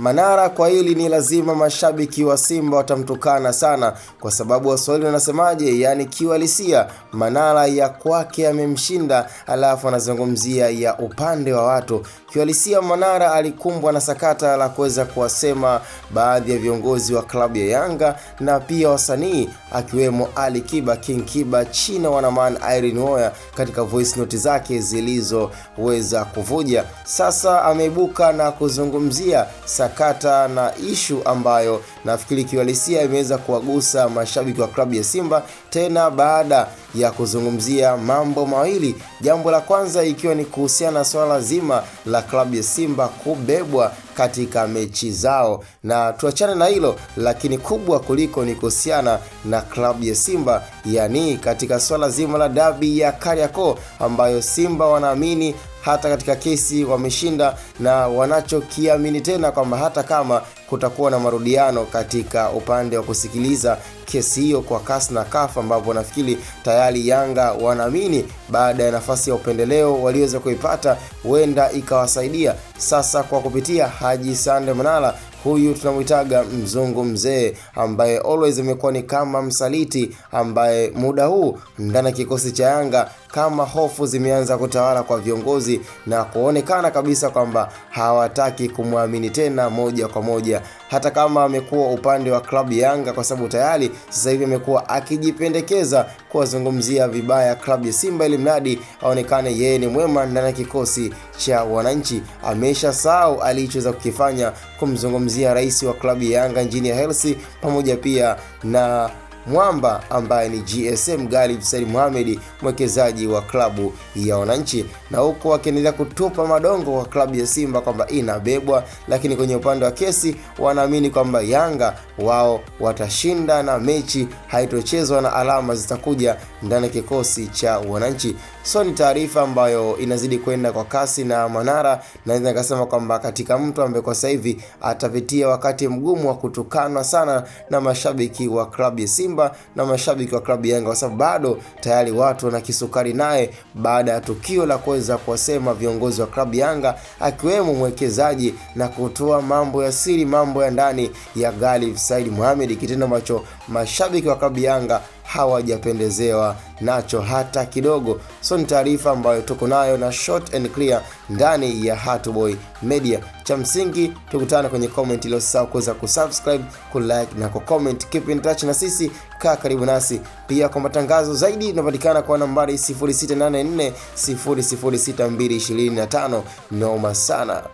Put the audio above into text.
Manara kwa hili ni lazima mashabiki wa Simba watamtukana sana, kwa sababu Waswahili wanasemaje? Yaani kiuhalisia Manara ya kwake amemshinda, alafu anazungumzia ya upande wa watu. Kiuhalisia Manara alikumbwa na sakata la kuweza kuwasema baadhi ya viongozi wa klabu ya Yanga na pia wasanii akiwemo Ali Kiba, King Kiba, China Wanaman, Irene Uwoya katika voice note zake zilizoweza kuvuja. Sasa ameibuka na kuzungumzia sakata na ishu ambayo nafikiri kiwalisia imeweza kuwagusa mashabiki wa klabu ya Simba tena baada ya kuzungumzia mambo mawili. Jambo la kwanza ikiwa ni kuhusiana na swala zima la klabu ya Simba kubebwa katika mechi zao, na tuachane na hilo, lakini kubwa kuliko ni kuhusiana na klabu ya Simba, yani katika swala zima la dabi ya Kariakoo ambayo Simba wanaamini hata katika kesi wameshinda na wanachokiamini tena kwamba hata kama kutakuwa na marudiano katika upande wa kusikiliza kesi hiyo kwa CAS na CAF, ambapo nafikiri tayari Yanga wanaamini baada ya nafasi ya upendeleo waliweza kuipata, huenda ikawasaidia sasa kwa kupitia Haji Sande Manara. Huyu tunamwitaga mzungu mzee, ambaye always amekuwa ni kama msaliti, ambaye muda huu ndani ya kikosi cha Yanga kama hofu zimeanza kutawala kwa viongozi na kuonekana kabisa kwamba hawataki kumwamini tena moja kwa moja hata kama amekuwa upande wa klabu Yanga, kwa sababu tayari sasa hivi amekuwa akijipendekeza kuwazungumzia vibaya klabu ya Simba ili mradi aonekane yeye ni mwema ndani ya kikosi cha wananchi. Amesha sahau alichoweza kukifanya kumzungumzia rais wa klabu ya Yanga injinia Hersi pamoja pia na Mwamba ambaye ni GSM Galib Said Mohamed, mwekezaji wa klabu ya Wananchi, na huku wakiendelea kutupa madongo kwa klabu ya Simba kwamba inabebwa, lakini kwenye upande wa kesi wanaamini kwamba Yanga wao watashinda na mechi haitochezwa na alama zitakuja ndani ya kikosi cha Wananchi. So ni taarifa ambayo inazidi kwenda kwa kasi na Manara, naweza nikasema kwamba katika mtu ambaye kwa sasa hivi atapitia wakati mgumu wa kutukanwa sana na mashabiki wa klabu ya Simba Simba na mashabiki wa klabu Yanga, kwa sababu bado tayari watu wana kisukari naye baada ya tukio la kuweza kuwasema viongozi wa klabu Yanga akiwemo mwekezaji na kutoa mambo ya siri, mambo ya ndani ya Galif Said Mohamed, kitendo ambacho mashabiki wa klabu Yanga hawajapendezewa nacho hata kidogo. So ni taarifa ambayo tuko nayo na short and clear ndani ya Hatboy Media. Cha msingi tukutane kwenye comment ile, sawa, kuweza kusubscribe, kulike na kucomment. Keep in touch na sisi, kaa karibu nasi pia. Kwa matangazo zaidi tunapatikana kwa nambari 0684 006 225. Noma sana.